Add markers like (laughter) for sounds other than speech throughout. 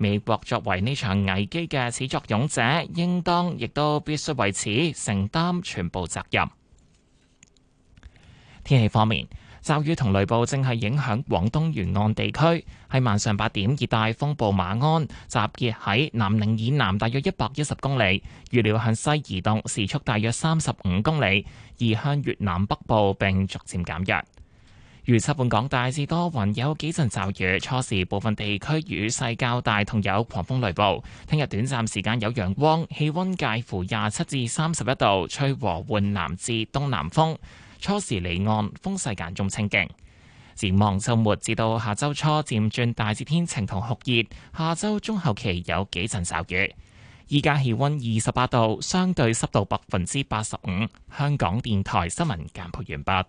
美國作為呢場危機嘅始作俑者，應當亦都必須為此承擔全部責任。天氣方面，驟雨同雷暴正係影響廣東沿岸地區。喺晚上八點，熱帶風暴馬鞍集結喺南寧以南大約一百一十公里，預料向西移動，時速大約三十五公里，移向越南北部並逐漸減弱。預測本港大致多雲有幾陣驟雨，初時部分地區雨勢較大，同有狂風雷暴。聽日短暫時間有陽光，氣温介乎廿七至三十一度，吹和緩南至東南風，初時離岸風勢間中清勁，展望周末至到下周初，漸轉大致天晴同酷熱，下周中後期有幾陣驟雨。依家氣温二十八度，相對濕度百分之八十五。香港電台新聞簡報完畢。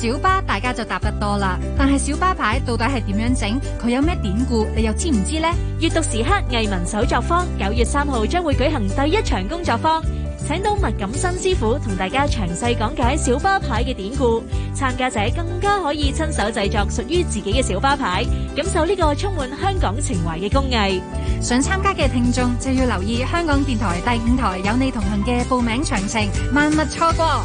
小巴大家就搭得多啦，但係小巴牌到底係點樣整？佢有咩典故？你又知唔知道呢？閱讀時刻藝文手作坊九月三號將會舉行第一場工作坊，請到麥錦生師傅同大家詳細講解小巴牌嘅典故，參加者更加可以親手製作屬於自己嘅小巴牌，感受呢個充滿香港情懷嘅工藝。想參加嘅聽眾就要留意香港電台第五台《有你同行》嘅報名詳情，萬勿錯過。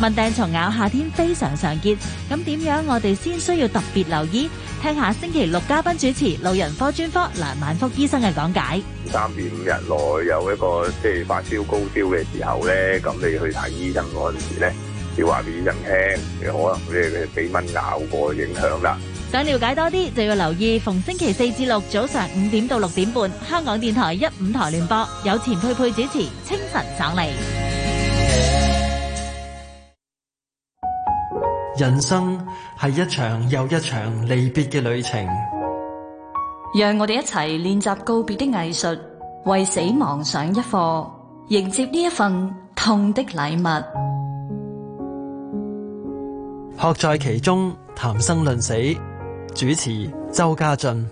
蚊叮蟲咬夏天非常常見，咁點樣我哋先需要特別留意？聽下星期六嘉賓主持老人科專科梁萬福醫生嘅講解。三至五日內有一個即係發燒高燒嘅時候咧，咁你去睇醫生嗰陣時咧，要話俾醫生聽，你可能你你被蚊咬過影響啦。想了解多啲就要留意，逢星期四至六早上五點到六點半，香港電台一五台聯播，有錢佩佩主持清晨爽利。人生係一場又一場離別嘅旅程，讓我哋一齊練習告別的藝術，為死亡上一課，迎接呢一份痛的禮物。學在其中，談生論死。主持周家俊。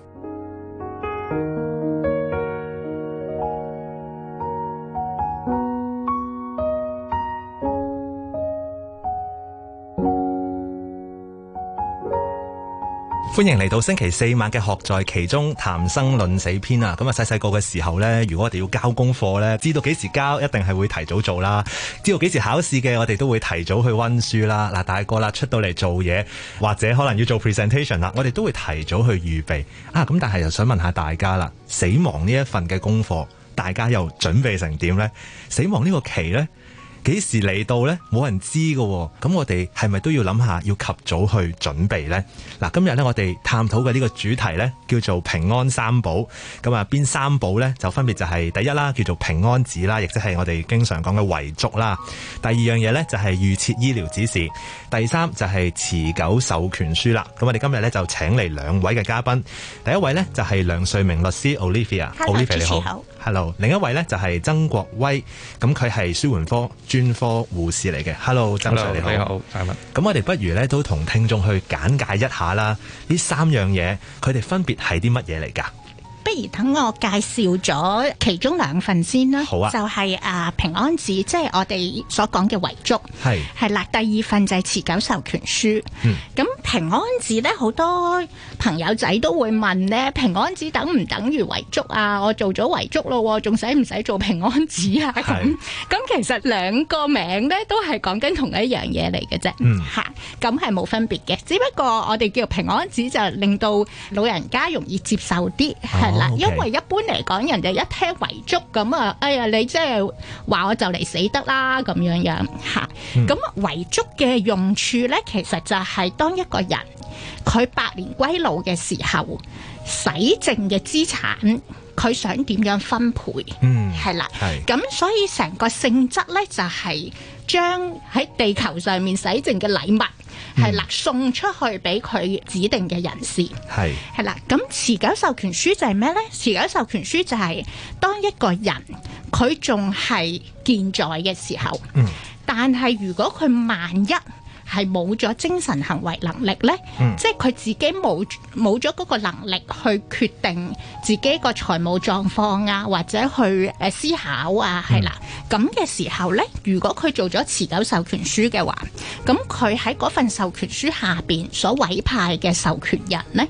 歡迎嚟到星期四晚嘅學在其中談生論死篇啊！咁啊，細細個嘅時候呢，如果我哋要交功課呢，知道幾時交，一定係會提早做啦。知道幾時考試嘅，我哋都會提早去温書啦。嗱，大個啦，出到嚟做嘢或者可能要做 presentation 啦，我哋都會提早去預備啊。咁但係又想問下大家啦，死亡呢一份嘅功課，大家又準備成點呢？死亡呢個期呢？幾時嚟到呢？冇人知嘅、哦，咁我哋係咪都要諗下，要及早去準備呢？嗱，今日呢，我哋探討嘅呢個主題呢，叫做平安三寶。咁啊，邊三寶呢？就分別就係第一啦，叫做平安紙啦，亦即係我哋經常講嘅遺囑啦。第二樣嘢呢，就係預設醫療指示。第三就係持久授權書啦。咁我哋今日呢，就請嚟兩位嘅嘉賓。第一位呢，就係、是、梁萃明律師，Olivia，Olivia Olivia, 你好。Hello，另一位咧就係曾國威，咁佢係紓緩科專科護士嚟嘅。Hello，曾 Sir Hello, 你好，大家好。咁我哋不如咧都同聽眾去簡介一下啦，呢三樣嘢佢哋分別係啲乜嘢嚟㗎？不如等我介紹咗其中兩份先啦。好啊，就係、是、誒平安紙，即、就、係、是、我哋所講嘅遺囑。係係啦，第二份就係持久授權書。咁、嗯、平安紙呢，好多朋友仔都會問呢，平安紙等唔等於遺囑啊？我做咗遺囑咯，仲使唔使做平安紙啊？咁其實兩個名呢，都係講緊同一樣嘢嚟嘅啫。吓咁係冇分別嘅，只不過我哋叫平安紙就令到老人家容易接受啲。因為一般嚟講，人哋一聽遺囑咁啊，哎呀，你即係話我就嚟死得啦咁樣樣吓。咁遺囑嘅用處咧，其實就係當一個人佢百年歸老嘅時候，使淨嘅資產，佢想點樣分配？嗯，係啦，係。咁所以成個性質咧，就係、是。將喺地球上面洗淨嘅禮物係、嗯、啦，送出去俾佢指定嘅人士。係係啦，咁持久授權書就係咩呢？持久授權書就係當一個人佢仲係健在嘅時候，嗯、但係如果佢萬一。係冇咗精神行為能力呢、嗯，即係佢自己冇冇咗嗰個能力去決定自己個財務狀況啊，或者去誒思考啊，係、嗯、啦。咁嘅時候呢，如果佢做咗持久授權書嘅話，咁佢喺嗰份授權書下邊所委派嘅授權人呢，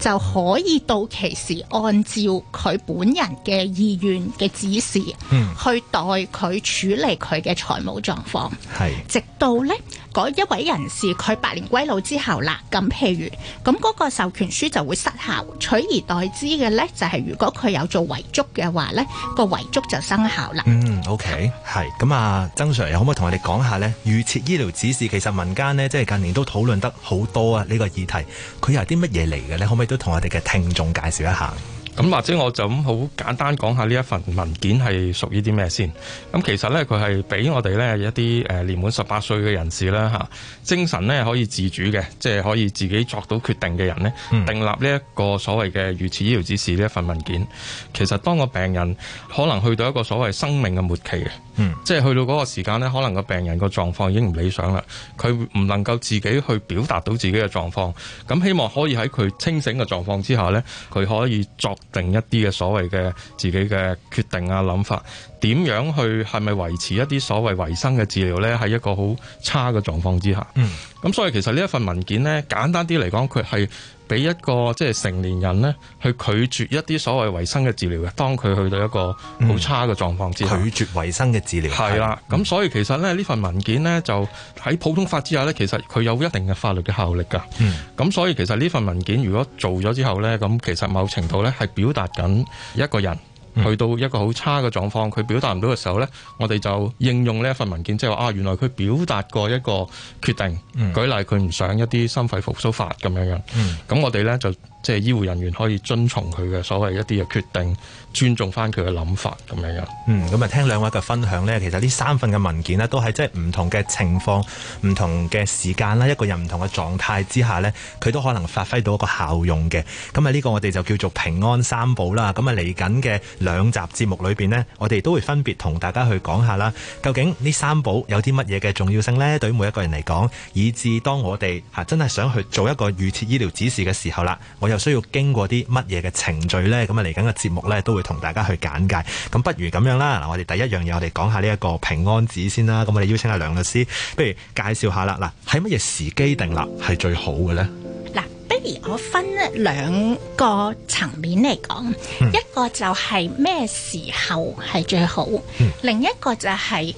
就可以到期時按照佢本人嘅意願嘅指示，嗯、去代佢處理佢嘅財務狀況，係，直到呢。嗰一位人士佢百年歸老之後啦，咁譬如咁嗰個授權書就會失效，取而代之嘅呢，就係、是、如果佢有做遺囑嘅話呢、那個遺囑就生效啦。嗯，OK，係咁啊，曾 sir 可唔可以同我哋講下呢預設醫療指示？其實民間呢，即係近年都討論得好多啊，呢、這個議題佢又係啲乜嘢嚟嘅呢？可唔可以都同我哋嘅聽眾介紹一下？咁或者我就咁好簡單講下呢一份文件係屬於啲咩先？咁其實咧佢係俾我哋咧一啲誒年滿十八歲嘅人士啦吓，精神咧可以自主嘅，即係可以自己作到決定嘅人咧，嗯，訂立呢一個所謂嘅預設醫療指示呢一份文件。其實當個病人可能去到一個所謂生命嘅末期嘅，嗯，即係去到嗰個時間咧，可能個病人個狀況已經唔理想啦，佢唔能夠自己去表達到自己嘅狀況，咁希望可以喺佢清醒嘅狀況之下咧，佢可以作。定一啲嘅所謂嘅自己嘅決定啊、諗法，點樣去係咪維持一啲所謂維生嘅治療咧？喺一個好差嘅狀況之下，嗯，咁所以其實呢一份文件咧，簡單啲嚟講，佢係。俾一個即係成年人咧，去拒絕一啲所謂維生嘅治療嘅，當佢去到一個好差嘅狀況之後，嗯，拒絕維生嘅治療，係啦。咁、嗯、所以其實咧，呢份文件咧，就喺普通法之下咧，其實佢有一定嘅法律嘅效力噶。咁、嗯、所以其實呢份文件如果做咗之後咧，咁其實某程度咧係表達緊一個人。去到一個好差嘅狀況，佢表達唔到嘅時候呢，我哋就應用呢一份文件，即係話啊，原來佢表達過一個決定，嗯、舉例佢唔想一啲心肺復甦法咁樣樣，咁、嗯、我哋呢，就即係、就係、醫護人員可以遵從佢嘅所謂一啲嘅決定。尊重翻佢嘅諗法咁樣嘅。嗯，咁啊聽兩位嘅分享呢，其實呢三份嘅文件呢，都係即係唔同嘅情況、唔同嘅時間啦，一個人唔同嘅狀態之下呢，佢都可能發揮到一個效用嘅。咁啊，呢個我哋就叫做平安三寶啦。咁啊，嚟緊嘅兩集節目裏邊呢，我哋都會分別同大家去講下啦。究竟呢三寶有啲乜嘢嘅重要性呢？對於每一個人嚟講，以至當我哋真係想去做一個預設醫療指示嘅時候啦，我又需要經過啲乜嘢嘅程序呢？咁啊，嚟緊嘅節目呢，都會。同大家去簡介，咁不如咁樣啦。嗱，我哋第一樣嘢，我哋講下呢一個平安紙先啦。咁我哋邀請阿梁律師，不如介紹下啦。嗱，喺乜嘢時機定立係最好嘅呢？嗱，不如我分兩個層面嚟講，嗯，一個就係咩時候係最好，嗯，另一個就係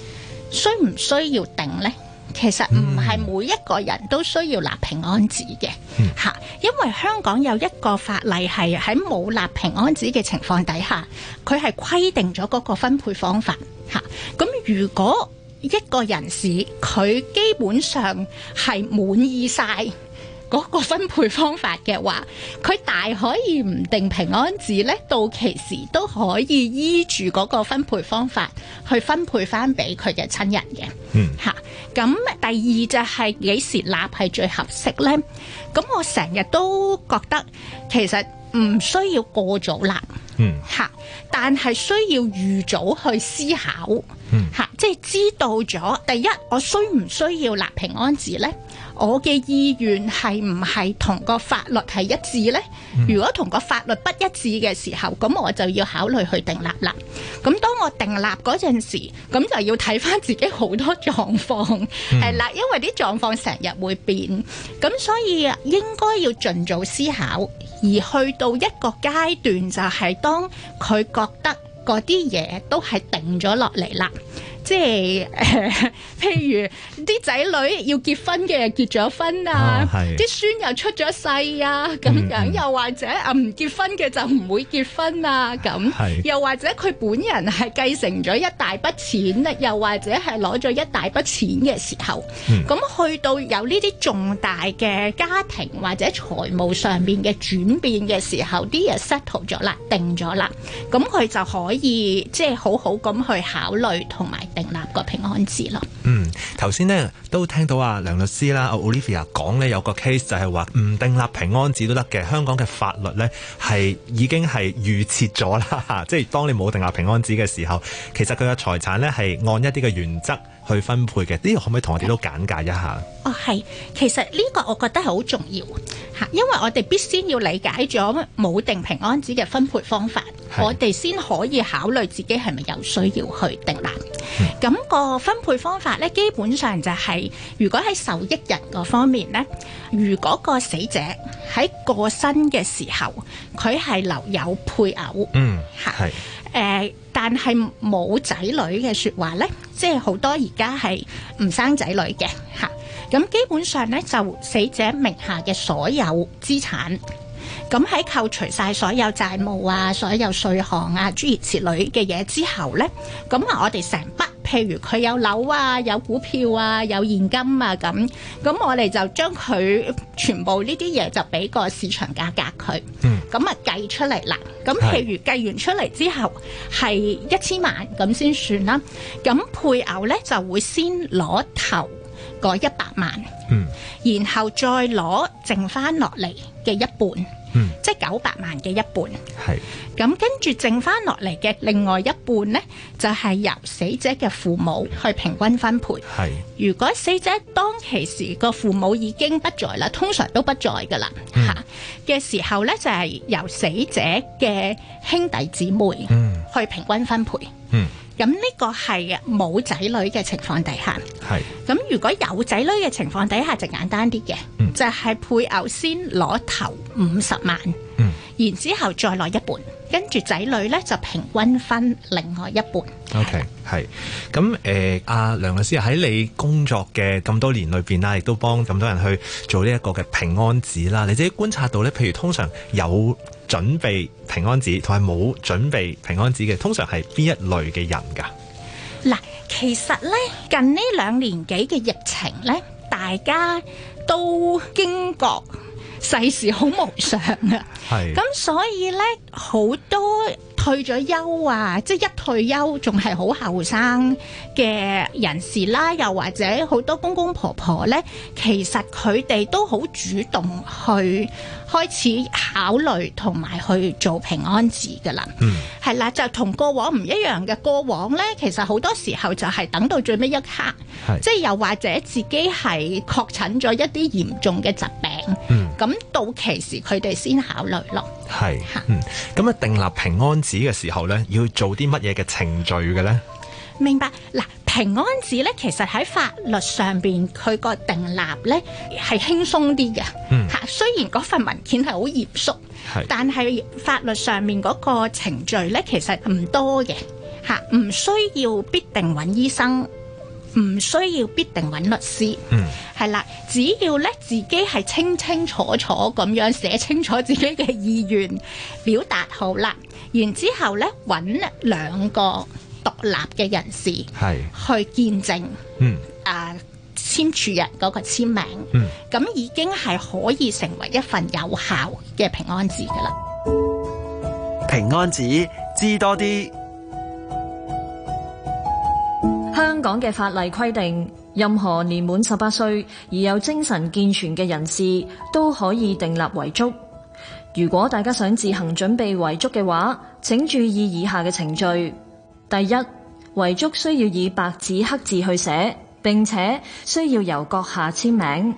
需唔需要定呢？其實唔係每一個人都需要立平安紙嘅，吓，因為香港有一個法例係喺冇立平安紙嘅情況底下，佢係規定咗嗰個分配方法，吓。咁如果一個人士佢基本上係滿意晒。嗰、那個分配方法嘅話，佢大可以唔定平安紙，呢到期時都可以依住嗰個分配方法去分配翻俾佢嘅親人嘅。嗯，咁、啊、第二就係、是、幾時立係最合適的呢？咁我成日都覺得其實唔需要過早立。嗯，啊、但係需要預早去思考。嗯，啊、即係知道咗，第一我需唔需要立平安紙呢？我嘅意願係唔係同個法律係一致呢？嗯、如果同個法律不一致嘅時候，咁我就要考慮去定立喇。咁當我定立嗰陣時，咁就要睇返自己好多狀況，係、嗯、啦， (laughs) 因為啲狀況成日會變。咁所以應該要盡早思考，而去到一個階段就係當佢覺得嗰啲嘢都係定咗落嚟啦。即係、呃、譬如啲仔女要結婚嘅結咗婚啊，啲、哦、孫又出咗世啊，咁樣、嗯、又或者啊唔結婚嘅就唔會結婚啊咁，又或者佢本人係繼承咗一大筆錢又或者係攞咗一大筆錢嘅時候，咁、嗯、去到有呢啲重大嘅家庭或者財務上面嘅轉變嘅時候，啲嘢 settle 咗啦，定咗啦，咁佢就可以即係、就是、好好咁去考慮同埋。定立個平安紙咯。嗯，頭先呢都聽到啊梁律師啦，Olivia 講呢有個 case 就係話唔定立平安紙都得嘅。香港嘅法律呢係已經係預設咗啦， (laughs) 即係當你冇定立平安紙嘅時候，其實佢嘅財產呢係按一啲嘅原則去分配嘅。呢、這個可唔可以同我哋都簡介一下？哦，係，其實呢個我覺得係好重要吓，因為我哋必須要理解咗冇定平安紙嘅分配方法。我哋先可以考慮自己係咪有需要去訂立，咁個分配方法咧，基本上就係如果喺受益人嗰方面咧，如果個死者喺過身嘅時候，佢係留有配偶，嗯，嚇，誒，但係冇仔女嘅説話咧，即係好多而家係唔生仔女嘅嚇，咁基本上咧就死者名下嘅所有資產。咁喺扣除晒所有債務啊、所有稅項啊、諸如此類嘅嘢之後呢，咁啊，我哋成筆，譬如佢有樓啊、有股票啊、有現金啊，咁咁，我哋就將佢全部呢啲嘢就俾個市場價格佢，嗯，咁啊計出嚟啦。咁譬如計完出嚟之後係一千萬咁先算啦。咁配偶呢就會先攞頭嗰一百萬，嗯，然後再攞剩翻落嚟嘅一半。即係九百萬嘅一半，係咁。跟住剩翻落嚟嘅另外一半呢，就係由死者嘅父母去平均分配。係，如果死者當其時個父母已經不在啦，通常都不在噶啦吓嘅時候呢，就係由死者嘅兄弟姊妹去平均分配。嗯，咁呢個係冇仔女嘅情況底下。係，咁如果有仔女嘅情況底下就簡單啲嘅。嗯，就係、是、配偶先攞頭五十萬。嗯，然之後再攞一半。跟住仔女呢，就平均分另外一半。O K，係咁誒，阿、呃、梁律師喺你工作嘅咁多年裏邊啦，亦都幫咁多人去做呢一個嘅平安紙啦。你自己觀察到呢，譬如通常有準備平安紙同埋冇準備平安紙嘅，通常係邊一類嘅人㗎？嗱，其實呢近呢兩年幾嘅疫情呢，大家都驚覺。世事好無常啊，咁 (laughs) 所以咧好多退咗休啊，即係一退休仲係好後生嘅人士啦，啊，又或者好多公公婆婆咧，其實佢哋都好主動去。開始考慮同埋去做平安紙嘅啦，係、嗯、啦，就同過往唔一樣嘅。過往呢，其實好多時候就係等到最尾一刻，是即係又或者自己係確診咗一啲嚴重嘅疾病，咁、嗯、到期時佢哋先考慮咯。係，嗯，咁啊，訂立平安紙嘅時候呢，要做啲乜嘢嘅程序嘅呢？明白嗱，平安紙咧，其實喺法律上邊佢個定立咧係輕鬆啲嘅，嚇。雖然嗰份文件係好嚴肅，但係法律上面嗰個程序咧其實唔多嘅，嚇，唔需要必定揾醫生，唔需要必定揾律師，係啦。只要咧自己係清清楚楚咁樣寫清楚自己嘅意願，表達好啦，然之後咧揾兩個。獨立嘅人士係去見證，嗯，誒、啊、簽署人嗰個簽名，嗯，咁已經係可以成為一份有效嘅平安紙噶啦。平安紙知多啲，香港嘅法例規定，任何年滿十八歲而有精神健全嘅人士都可以訂立遺囑。如果大家想自行準備遺囑嘅話，請注意以下嘅程序。第一，遺囑需要以白紙黑字去寫，並且需要由閣下簽名。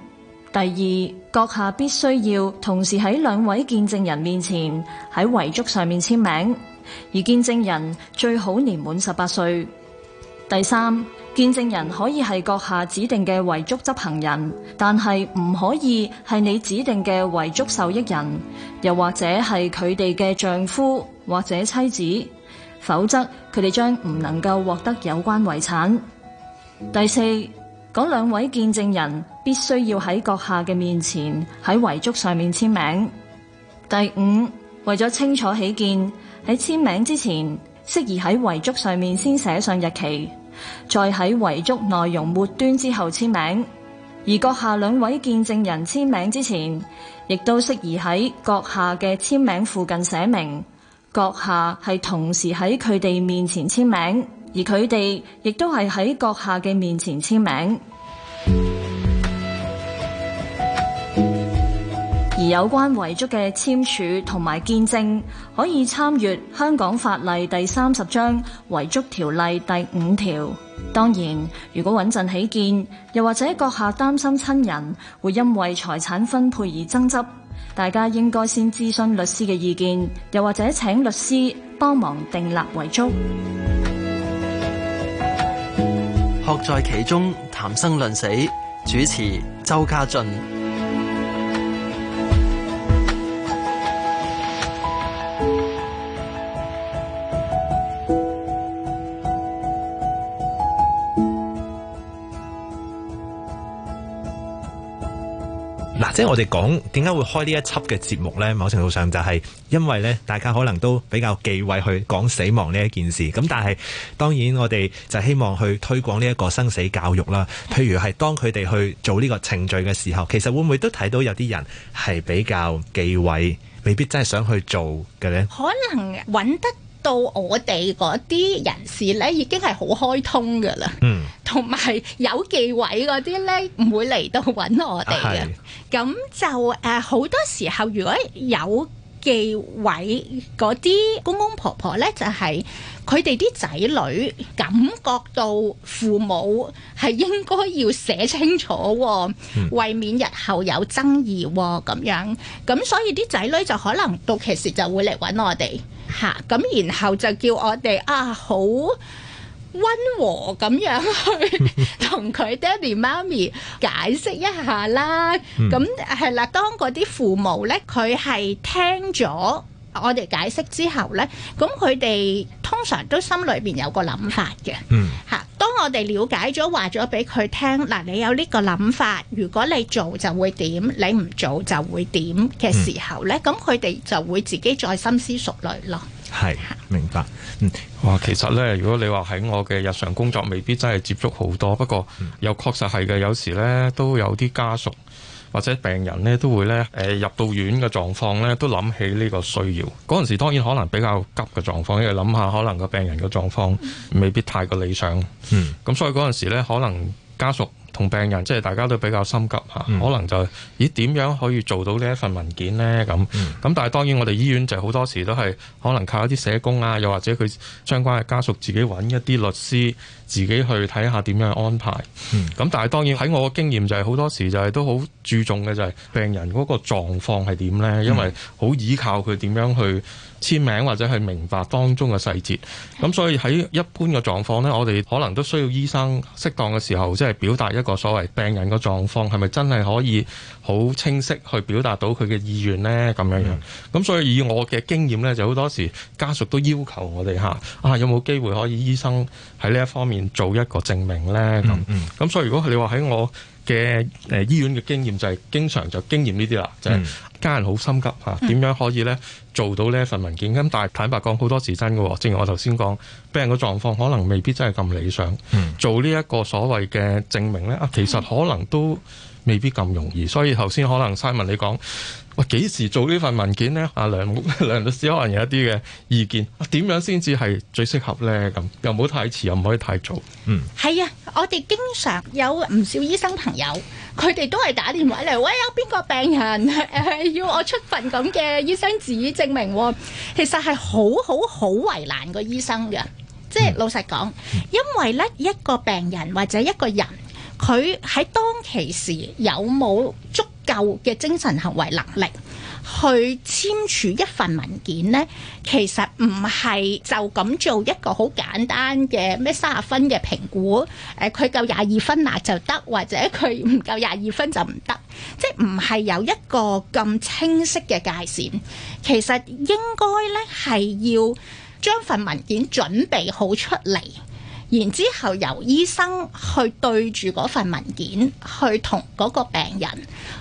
第二，閣下必須要同時喺兩位見證人面前喺遺囑上面簽名，而見證人最好年滿十八歲。第三，見證人可以係閣下指定嘅遺囑執行人，但係唔可以係你指定嘅遺囑受益人，又或者係佢哋嘅丈夫或者妻子。否則，佢哋將唔能夠獲得有關遺產。第四，嗰兩位見證人必須要喺閣下嘅面前喺遺囑上面簽名。第五，為咗清楚起見，喺簽名之前，適宜喺遺囑上面先寫上日期，再喺遺囑內容末端之後簽名。而閣下兩位見證人簽名之前，亦都適宜喺閣下嘅簽名附近寫明。閣下係同時喺佢哋面前簽名，而佢哋亦都係喺閣下嘅面前簽名。 (music) 而有關遺囑嘅簽署同埋見證，可以參閱香港法例第三十章《遺囑條例》第五條。當然，如果穩陣起見，又或者閣下擔心親人會因為財產分配而爭執。大家應該先諮詢律師嘅意見，又或者請律師幫忙訂立遺囑。學在其中，談生論死，主持周家俊。即係我哋講點解會開呢一輯嘅節目呢？某程度上就係因為呢，大家可能都比較忌諱去講死亡呢一件事。咁但係當然我哋就希望去推廣呢一個生死教育啦。譬如係當佢哋去做呢個程序嘅時候，其實會唔會都睇到有啲人係比較忌諱，未必真係想去做嘅呢？可能揾得。到我哋嗰啲人士咧，已經係好開通㗎喇，同、嗯、埋有，有忌諱嗰啲咧，唔會嚟到搵我哋嘅。咁、啊、就好、呃、多時候，如果有忌諱嗰啲公公婆婆咧，就係、是。佢哋啲仔女感覺到父母係應該要寫清楚，為免日後有爭議咁樣。咁所以啲仔女就可能到期時就會嚟揾我哋嚇。咁、嗯啊、然後就叫我哋啊，好溫和咁樣去同佢爹哋媽咪解釋一下啦。咁係啦，當嗰啲父母呢，佢係聽咗。我哋解釋之後呢，咁佢哋通常都心裏邊有個諗法嘅，吓。當我哋了解咗，話咗俾佢聽嗱，你有呢個諗法，如果你做就會點，你唔做就會點嘅時候呢，咁佢哋就會自己再深思熟慮咯。係，明白。嗯，哇，其實呢，如果你話喺我嘅日常工作，未必真係接觸好多，不過又確實係嘅，有時呢都有啲家屬。或者病人咧都會咧、呃，入到院嘅狀況咧，都諗起呢個需要。嗰陣時當然可能比較急嘅狀況，因為諗下可能個病人嘅狀況未必太過理想。嗯，咁所以嗰陣時咧，可能家屬同病人即係大家都比較心急、啊嗯、可能就咦點樣可以做到呢一份文件咧？咁咁，嗯、但係當然我哋醫院就好多時都係可能靠一啲社工啊，又或者佢相關嘅家屬自己揾一啲律師。自己去睇下點樣安排，咁、嗯、但係當然喺我嘅經驗就係好多時就係都好注重嘅就係病人嗰個狀況係點呢？因為好依靠佢點樣去簽名或者去明白當中嘅細節，咁、嗯、所以喺一般嘅狀況呢，我哋可能都需要醫生適當嘅時候即係表達一個所謂病人嘅狀況，係咪真係可以。好清晰去表達到佢嘅意願呢。咁樣樣。咁、嗯、所以以我嘅經驗呢，就好多時家屬都要求我哋下啊，有冇機會可以醫生喺呢一方面做一個證明呢？嗯咁、嗯、咁所以如果你話喺我嘅誒、呃、醫院嘅經驗，就係、是、經常就經驗呢啲啦，就係、是、家人好心急嚇，點、啊、樣可以呢做到呢份文件？咁、嗯、但係坦白講，好多時真㗎喎。正如我頭先講，病人嘅狀況可能未必真係咁理想，嗯、做呢一個所謂嘅證明呢，啊，其實可能都，嗯未必咁容易，所以頭先可能 Simon 你講，喂，幾時做呢份文件咧？阿梁梁律師可能有一啲嘅意見，點樣先至係最適合咧？咁又唔好太遲，又唔可以太早。嗯，係啊，我哋經常有唔少醫生朋友，佢哋都係打電話嚟，喂，有邊個病人誒要我出份咁嘅醫生紙證明？其實係好好好為難個醫生嘅，即係老實講，因為咧一個病人或者一個人。佢喺當其時有冇足夠嘅精神行為能力去簽署一份文件呢？其實唔係就咁做一個好簡單嘅咩三十分嘅評估，誒佢夠廿二分嗱就得，或者佢唔夠廿二分就唔得，即係唔係有一個咁清晰嘅界線？其實應該呢係要將份文件準備好出嚟。然之後由醫生去對住份文件，去同個個病人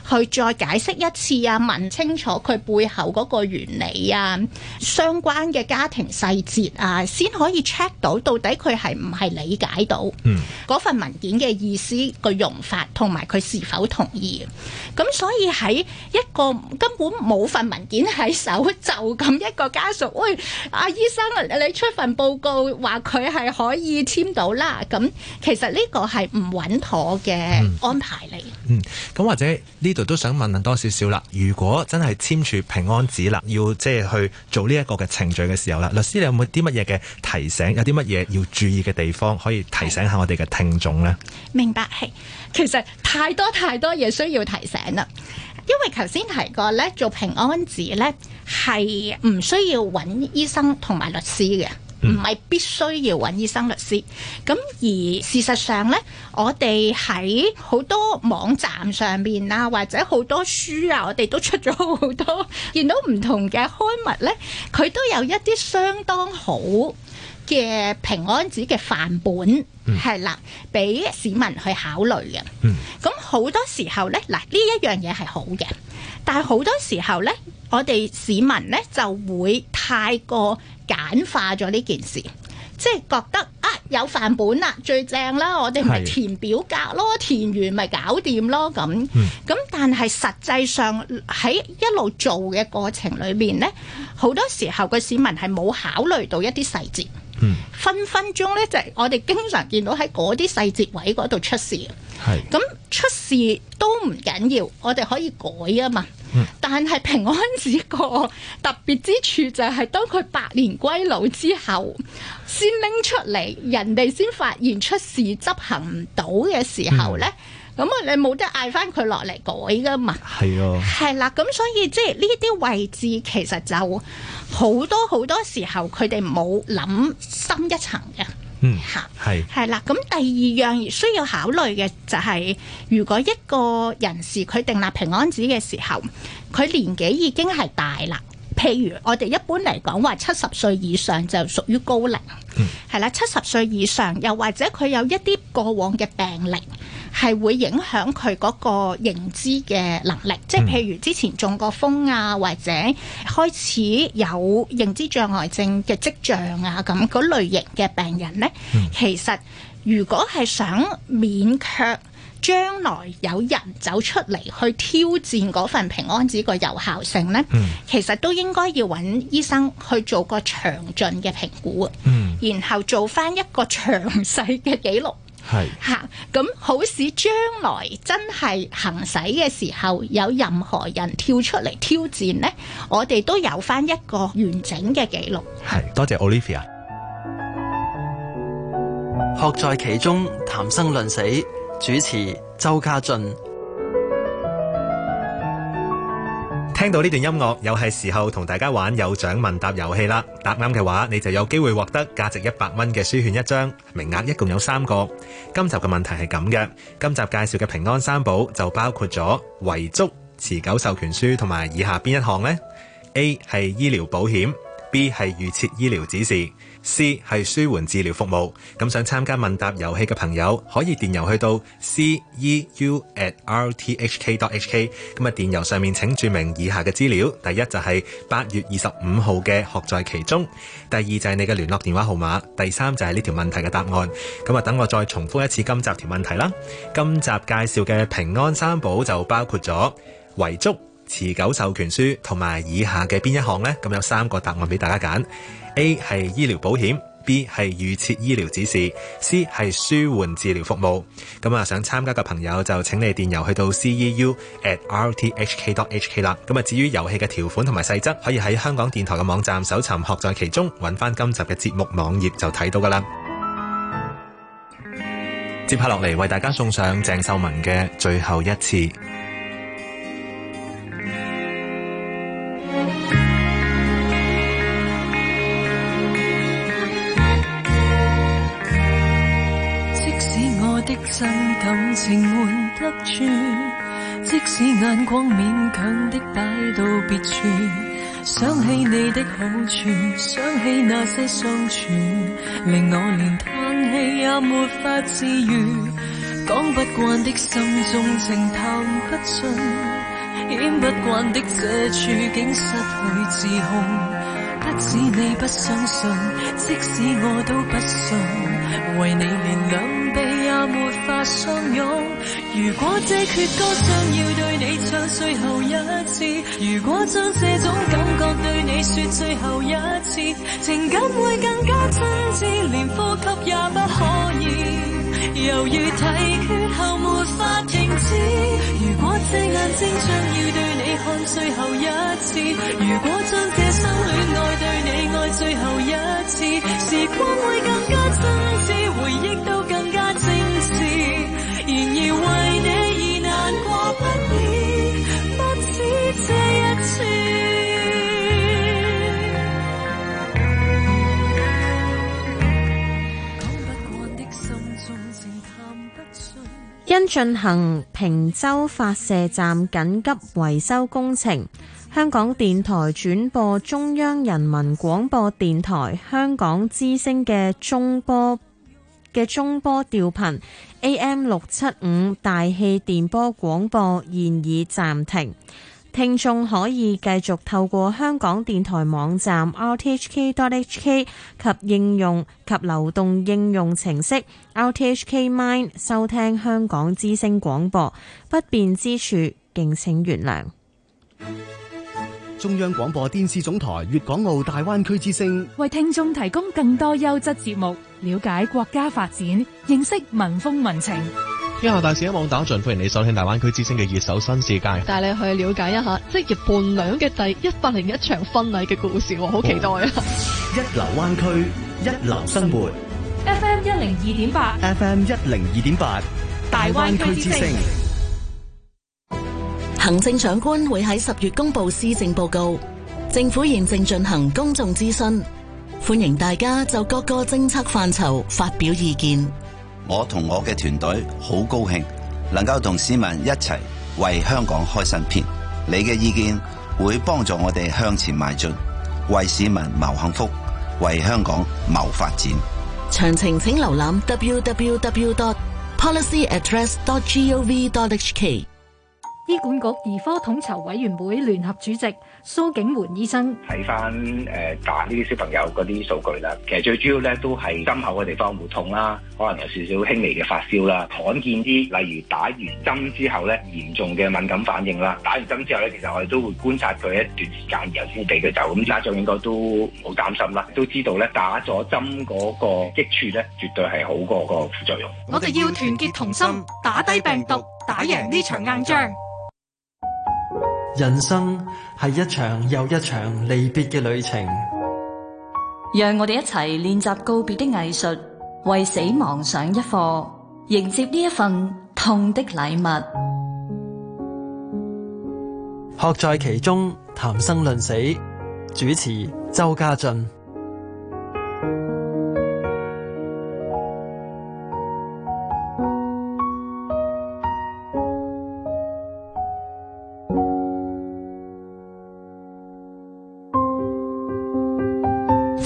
去再解釋一次啊，問清楚佢背後個個原理啊，相關嘅家庭細節啊，先可以 check 到到底佢係唔係理解到嗰份文件嘅意思、個、嗯、用法同埋佢是否同意。咁所以喺一個根本冇份文件喺手就咁一個家屬喂，阿、哎啊、醫生你出份報告話佢係可以。簽到啦，咁其實呢個係唔穩妥嘅安排嚟。嗯，咁、嗯、或者呢度都想問多少少啦。如果真係簽署平安紙啦，要即係去做呢一個嘅程序嘅時候啦，律師你有冇啲乜嘢嘅提醒？有啲乜嘢要注意嘅地方可以提醒下我哋嘅聽眾呢？明白，係其實太多太多嘢需要提醒啦。因為頭先提過咧，做平安紙咧係唔需要揾醫生同埋律師嘅。唔、嗯、係必須要揾醫生、律師。咁而事實上呢，我哋喺好多網站上面啊，或者好多書啊，我哋都出咗好多見到唔同嘅刊物呢，佢都有一啲相當好嘅平安紙嘅範本，係、嗯、啦，俾市民去考慮嘅。咁、嗯、好多時候呢，嗱呢一樣嘢係好嘅。但係好多時候呢，我哋市民呢就會太過簡化咗呢件事，即係覺得啊，有範本啦，最正啦，我哋咪填表格咯，填完咪搞掂咯咁。咁但係實際上喺一路做嘅過程裏面呢，好多時候個市民係冇考慮到一啲細節。 (noise) 分分鐘咧就係、是、我哋經常見到喺嗰啲細節位嗰度出事，咁出事都唔緊要，我哋可以改啊嘛。嗯、但係平安紙個特別之處就係當佢百年歸老之後，先拎出嚟，人哋先發現出事執行唔到嘅時候咧。嗯。咁啊，你冇得嗌返佢落嚟改噶嘛？係啊，係啦，咁所以即係呢啲位置，其實就好多好多時候，佢哋冇諗深一層嘅。嗯，吓，係，係啦。咁第二樣需要考慮嘅就係、是，如果一個人士佢訂立平安紙嘅時候，佢年紀已經係大啦。譬如我哋一般嚟講話七十歲以上就屬於高齡，係、嗯、啦，七十歲以上又或者佢有一啲過往嘅病歷。係會影響佢嗰個認知嘅能力，即係譬如之前中過風啊，或者開始有認知障礙症嘅跡象啊，咁嗰類型嘅病人呢、嗯，其實如果係想勉強將來有人走出嚟去挑戰嗰份平安紙嘅有效性呢、嗯，其實都應該要揾醫生去做個詳盡嘅評估、嗯、然後做翻一個詳細嘅記錄。係吓，咁好似將來真係行使嘅時候，有任何人跳出嚟挑戰呢，我哋都有翻一個完整嘅記錄。係，多謝 Olivia，學在其中，談生論死，主持周家俊。聽到呢段音樂，又係時候同大家玩有獎問答遊戲啦！答啱嘅話，你就有機會獲得價值一百蚊嘅書券一張，名額一共有三個。今集嘅問題係咁嘅：今集介紹嘅平安三寶就包括咗遺囑、持久授權書同埋以，以下邊一項呢？A 係醫療保險，B 係預設醫療指示。C 係舒緩治療服務，咁想參加問答遊戲嘅朋友可以電郵去到 c e u at r t h k dot h k，咁啊電郵上面請注明以下嘅資料：第一就係八月二十五號嘅學在其中；第二就係你嘅聯絡電話號碼；第三就係呢條問題嘅答案。咁啊，等我再重複一次今集條問題啦。今集介紹嘅平安三寶就包括咗遺囑、持久授權書同埋以下嘅邊一項呢？咁有三個答案俾大家揀。A 係醫療保險，B 係預設醫療指示，C 係舒緩治療服務。咁啊，想參加嘅朋友就請你電郵去到 ceu@rthk.hk 啦。咁啊，至於遊戲嘅條款同埋細則，可以喺香港電台嘅網站搜尋，學在其中，揾翻今集嘅節目網頁就睇到噶啦。接下落嚟為大家送上鄭秀文嘅最後一次。的真感情瞞得住，即使眼光勉強的擺到別處，想起你的好處，想起那些相處，令我連嘆氣也沒法治愈。講不慣的心中情談不盡，演不慣的這處境失去自控。不止你不相信，即使我都不信，為你連兩。沒法相擁。如果這闕歌將要對你唱最後一次，如果將這種感覺對你說最後一次，情感會更加真摯，連呼吸也不可以。猶如提筆後沒法停止。如果這眼睛將要對你看最後一次，如果將這生戀愛對你愛最後一次，時光會更加真摯，回憶都。因進行坪洲發射站緊急維修工程，香港電台轉播中央人民廣播電台香港之聲嘅中波嘅中波調頻 AM 六七五大氣電波廣播現已暫停。聽眾可以繼續透過香港電台網站 rthk.hk 及應用及流動應用程式 rthk mind 收聽香港之聲廣播。不便之處，敬請原諒。中央廣播電視總台粵港澳大灣區之聲為聽眾提供更多優質節目，了解國家發展，認識民風民情。天下大事一網打盡，歡迎你收聽大灣區之聲嘅熱搜新世界。帶你去了解一下職業伴娘嘅第一百零一場婚禮嘅故事，我好期待啊！一流灣區，一流生活。FM 一零二點八。FM 一零二點八。大灣區之聲。行政長官會喺十月公布施政報告，政府現正進行公眾諮詢，歡迎大家就各個政策範疇發表意見。我同我嘅團隊好高興，能夠同市民一齊為香港開新篇。你嘅意見會幫助我哋向前邁進，為市民謀幸福，為香港謀發展。詳情請瀏覽 www.policyaddress.gov.hk。醫管局兒科統籌委員會聯合主席蘇景垣醫生：睇翻誒打呢啲小朋友嗰啲數據啦，其實最主要咧都係針口嘅地方會痛啦，可能有少少輕微嘅發燒啦，罕見啲例如打完針之後咧嚴重嘅敏感反應啦，打完針之後咧其實我哋都會觀察佢一段時間，然後先俾佢走，咁家長應該都唔好擔心啦，都知道咧打咗針嗰個益處咧絕對係好過個副作用。我哋要團結同心，打低病毒，打贏呢場硬仗。人生係一場又一場離別嘅旅程，讓我哋一齊練習告別的藝術，為死亡上一課，迎接呢一份痛的禮物。學在其中，談生論死，主持周家俊。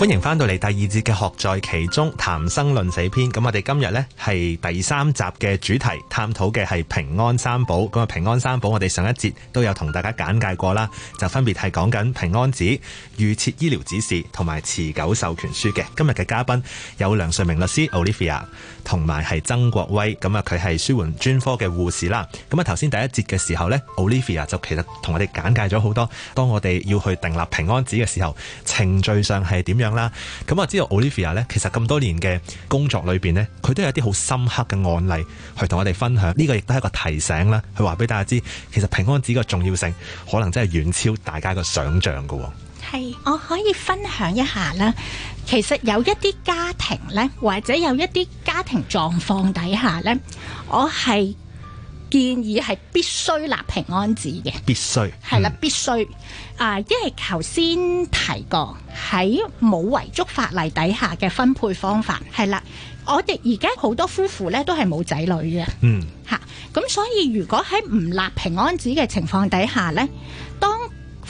歡迎翻到嚟第二節嘅學在其中談生論死篇。咁我哋今日呢係第三集嘅主題，探討嘅係平安三寶。咁啊，平安三寶我哋上一節都有同大家簡介過啦，就分別係講緊平安紙、預設醫療指示同埋持久授權書嘅。今日嘅嘉賓有梁萃明律師 Olivia 同埋係曾國威。咁啊，佢係舒緩專科嘅護士啦。咁啊，頭先第一節嘅時候呢 Olivia 就其實同我哋簡介咗好多。當我哋要去訂立平安紙嘅時候，程序上係點樣？啦，咁我知道 Olivia 咧，其實咁多年嘅工作裏邊咧，佢都有啲好深刻嘅案例，去同我哋分享。呢個亦都係一個提醒啦，去話俾大家知，其實平安紙嘅重要性，可能真係遠超大家嘅想象嘅。係，我可以分享一下啦。其實有一啲家庭咧，或者有一啲家庭狀況底下咧，我係。建議係必須立平安紙嘅，必須係啦，必須啊！因為頭先提過喺冇遺囑法例底下嘅分配方法係啦，我哋而家好多夫婦咧都係冇仔女嘅，嗯嚇，咁所以如果喺唔立平安紙嘅情況底下咧，當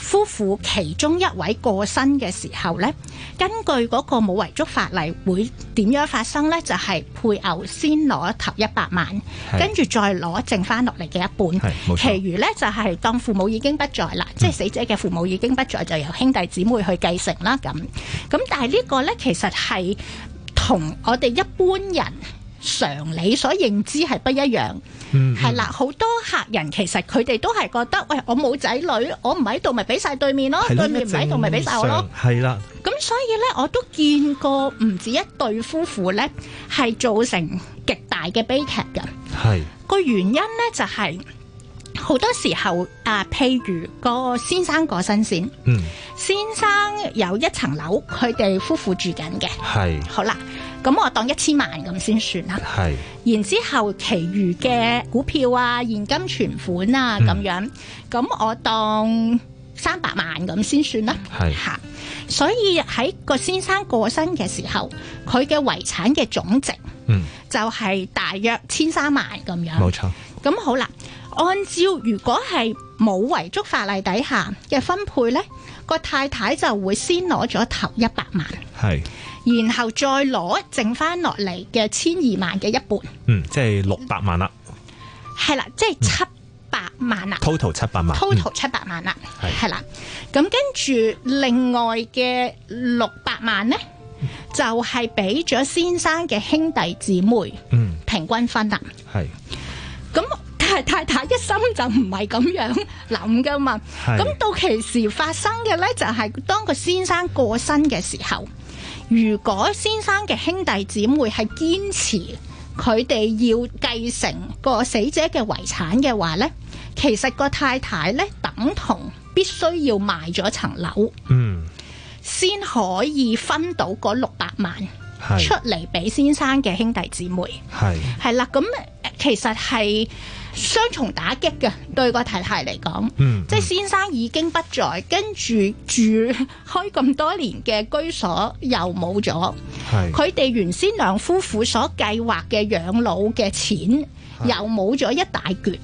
夫婦其中一位過身嘅時候呢，根據嗰個冇遺囑法例會點樣發生呢？就係配偶先攞頭一百萬，跟住再攞剩返落嚟嘅一半，其餘呢就係當父母已經不在啦，即係死者嘅父母已經不在，就由兄弟姊妹去繼承啦。咁咁，但係呢個呢其實係同我哋一般人常理所認知係不一樣。嗯，係、嗯、啦，好多客人其實佢哋都係覺得，喂，我冇仔女，我唔喺度咪俾晒對面咯，對面唔喺度咪俾晒我咯，係啦。咁所以咧，我都見過唔止一對夫婦咧，係造成極大嘅悲劇嘅。係個原因咧，就係、是、好多時候啊，譬如個先生過身先，嗯，先生有一層樓，佢哋夫婦住緊嘅，係好啦。咁我當一千萬咁先算啦，係、然之後其餘嘅股票啊、嗯、現金存款啊咁、嗯、樣，咁我當三百萬咁先算啦，吓。所以喺個先生過身嘅時候，佢嘅遺產嘅總值，就係大約千三萬咁樣。冇、嗯、錯。咁好啦，按照如果係冇遺囑法例底下嘅分配呢，個太太就會先攞咗頭一百萬。係。然後再攞剩返落嚟嘅千二萬嘅一半，嗯，即係六百萬啦，係啦，即係七百萬啦，total 七百萬，total 七百萬啦，係係啦，咁跟住另外嘅六百萬咧，就係俾咗先生嘅兄弟姊妹，嗯，嗯嗯嗯就是、平均分啦，係、嗯，咁。太太一心就唔係咁樣諗噶嘛，咁到其時發生嘅呢，就係、是、當個先生過身嘅時候，如果先生嘅兄弟姊妹係堅持佢哋要繼承個死者嘅遺產嘅話呢，其實個太太呢，等同必須要賣咗層樓，嗯，先可以分到嗰六百萬出嚟俾先生嘅兄弟姊妹，係係啦，咁其實係。雙重打擊嘅，對個太太嚟講，即係先生已經不在，跟住住開咁多年嘅居所又冇咗，佢哋原先兩夫婦所計劃嘅養老嘅錢又冇咗一大橛，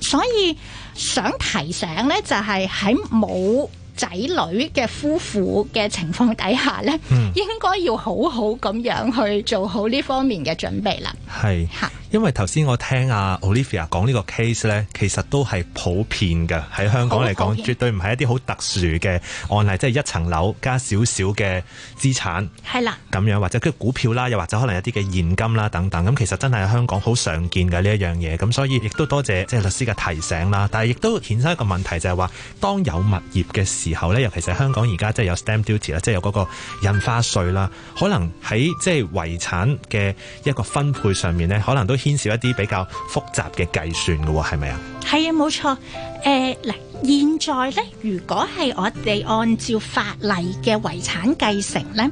所以想提醒呢，就係喺冇仔女嘅夫婦嘅情況底下呢，嗯、應該要好好咁樣去做好呢方面嘅準備啦。係吓。因為頭先我聽阿 Olivia 講呢個 case 咧，其實都係普遍嘅，喺香港嚟講，絕對唔係一啲好特殊嘅案例，即係、就是、一層樓加少少嘅資產係啦，咁樣或者佢股票啦，又或者可能一啲嘅現金啦等等，咁其實真係香港好常見嘅呢一樣嘢。咁所以亦都多謝即係律師嘅提醒啦。但係亦都衍生一個問題，就係、是、話當有物業嘅時候咧，尤其是香港而家即係有 stamp duty 啦，即係有嗰個印花稅啦，可能喺即係遺產嘅一個分配上面咧，可能都。牽涉一啲比較複雜嘅計算嘅喎，係咪啊？係啊，冇錯。誒，嗱，現在咧，如果係我哋按照法例嘅遺產繼承咧，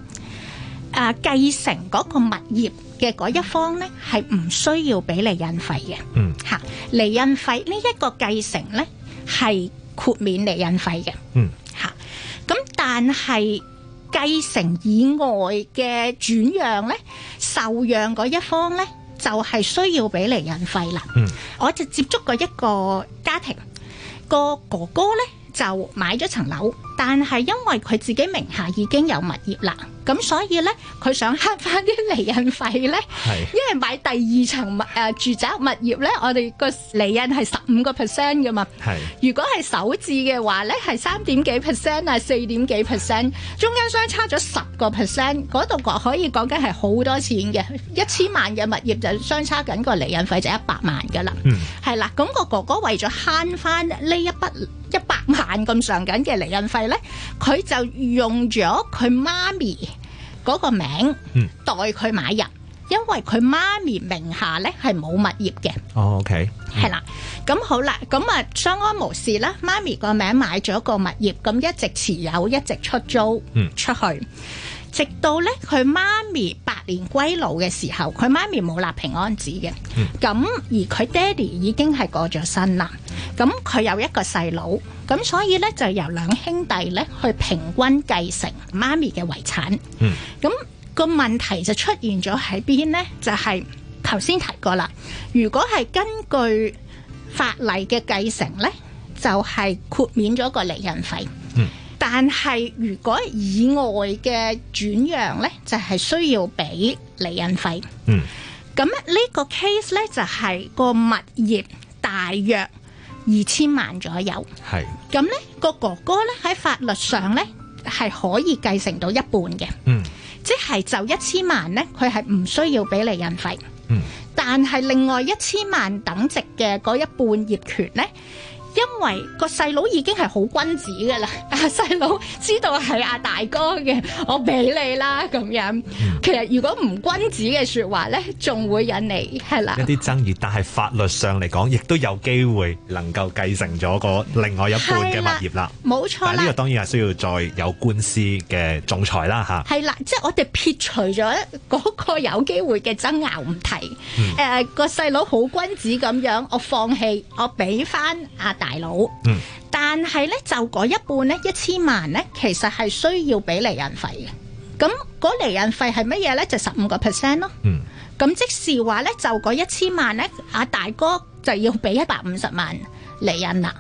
啊，繼承嗰個物業嘅嗰一方咧，係唔需要俾釐印費嘅。嗯，吓、啊，釐印費呢一個繼承咧係豁免釐印費嘅。嗯，吓、啊，咁但係繼承以外嘅轉讓咧，受讓嗰一方咧。就係、是、需要俾釐印費啦，嗯，我就接觸過一個家庭，個哥哥呢就買咗層樓，但係因為佢自己名下已經有物業啦。咁所以咧，佢想慳翻啲厘印費咧，因為買第二層物誒住宅物業咧，我哋個厘印係十五個 percent 噶嘛。係如果係首置嘅話咧，係三點幾 percent 啊，四點幾 percent，中間相差咗十個 percent，嗰度講可以講緊係好多錢嘅，一千萬嘅物業就相差緊個厘印費就一百萬噶啦。嗯，係啦，咁個哥哥為咗慳翻呢一筆一百萬咁上緊嘅厘印費咧，佢就用咗佢媽咪。嗰個名代佢買入，因為佢媽咪名下咧係冇物業嘅。哦，OK，係啦，咁好啦，咁啊相安無事啦。媽咪個名買咗個物業，咁一直持有，一直出租出去，直到咧佢媽咪百年歸老嘅時候，佢媽咪冇立平安紙嘅。咁而佢爹哋已經係過咗身啦，咁佢有一個細佬。咁所以呢就由兩兄弟呢去平均繼承媽咪嘅遺產。嗯。咁、那個問題就出現咗喺邊呢？就係頭先提過啦。如果係根據法例嘅繼承呢，就係、是、豁免咗個厘印費。嗯。但係如果以外嘅轉讓呢，就係、是、需要俾厘印費。嗯。咁呢個 case 呢，就係、是、個物業大約。二千萬左右，係咁咧，個哥哥呢，喺法律上呢係可以繼承到一半嘅，嗯，即係就一千萬呢，佢係唔需要俾厘印費，嗯，但係另外一千萬等值嘅嗰一半業權呢。因為個細佬已經係好君子噶啦，阿細佬知道係阿大哥嘅，我俾你啦咁樣。其實如果唔君子嘅說話咧，仲會引嚟，係啦一啲爭議。但係法律上嚟講，亦都有機會能夠繼承咗個另外一半嘅物業啦。冇錯啦，呢個當然係需要再有官司嘅仲裁啦。吓，係啦，即係我哋撇除咗嗰個有機會嘅爭拗唔提。誒，個細佬好君子咁樣，我放棄，我俾翻阿大大佬，但係咧就嗰一半咧一千萬咧，其實係需要俾厘印費嘅。咁嗰厘印費係乜嘢咧？就十五個 percent 咯。咁、嗯、即是話咧，就嗰一千萬咧，阿、啊、大哥就要俾一百五十萬厘印啦。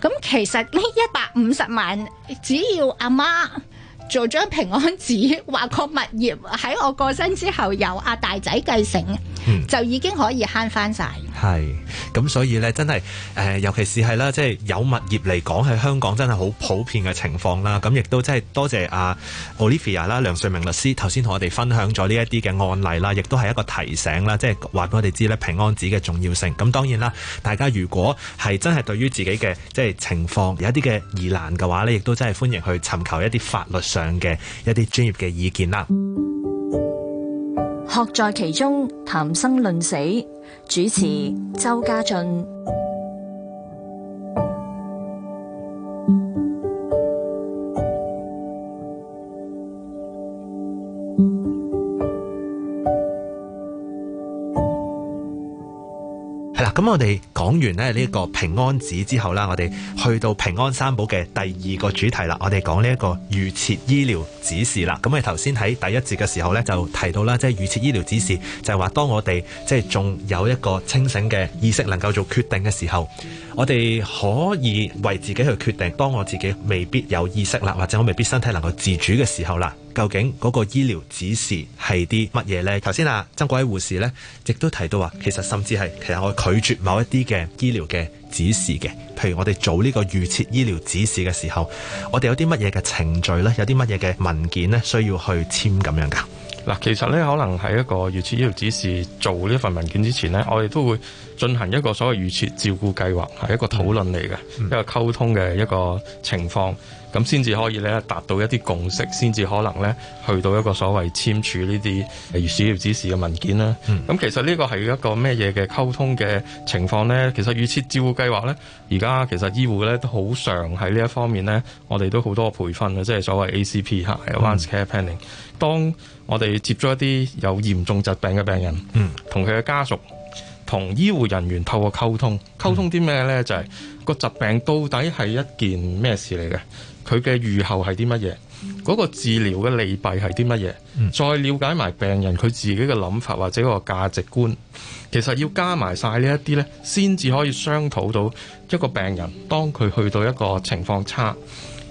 咁其實呢一百五十萬，只要阿媽。做張平安紙，話個物業喺我過身之後由阿大仔繼承，嗯，就已經可以慳翻晒。係，咁所以咧，真係誒、呃，尤其是係啦、呃，即係有物業嚟講喺香港，真係好普遍嘅情況啦。咁亦都真係多謝阿、啊、Olivia 啦、梁萃明律師頭先同我哋分享咗呢一啲嘅案例啦，亦都係一個提醒啦，即係話俾我哋知咧，平安紙嘅重要性。咁當然啦，大家如果係真係對於自己嘅即係情況有一啲嘅疑難嘅話咧，亦都真係歡迎去尋求一啲法律上嘅一啲專業嘅意見啦，學在其中，談生論死，主持周家俊。咁我哋講完咧呢個平安紙之後啦，我哋去到平安三寶嘅第二個主題啦，我哋講呢一個預設醫療指示啦。咁我哋頭先喺第一節嘅時候呢，就提到啦，即係預設醫療指示就係話，當我哋即係仲有一個清醒嘅意識能夠做決定嘅時候，我哋可以為自己去決定。當我自己未必有意識啦，或者我未必身體能夠自主嘅時候啦。究竟嗰個醫療指示係啲乜嘢呢？頭先啊，曾國威護士呢亦都提到話，其實甚至係其實我拒絕某一啲嘅醫療嘅指示嘅，譬如我哋做呢個預設醫療指示嘅時候，我哋有啲乜嘢嘅程序呢？有啲乜嘢嘅文件呢？需要去簽咁樣噶？嗱，其實咧，可能喺一個預設醫療指示做呢份文件之前咧，我哋都會進行一個所謂預設照顧計劃，係一個討論嚟嘅、嗯，一個溝通嘅一個情況，咁先至可以咧達到一啲共識，先至可能咧去到一個所謂簽署呢啲預設醫療指示嘅文件啦。咁、嗯、其實呢個係一個咩嘢嘅溝通嘅情況咧？其實預設照顧計劃咧，而家其實醫護咧都好常喺呢一方面咧，我哋都好多培訓嘅，即係所謂 ACP 吓係、嗯。Advance Care Planning 當我哋接咗一啲有嚴重疾病嘅病人，嗯，同佢嘅家屬同醫護人員透過溝通，溝通啲咩咧？就係個疾病到底係一件咩事嚟嘅？佢嘅預後係啲乜嘢？嗯，嗰個治療嘅利弊係啲乜嘢？再了解埋病人佢自己嘅諗法或者個價值觀，其實要加埋曬呢一啲咧，先至可以商討到一個病人當佢去到一個情況差。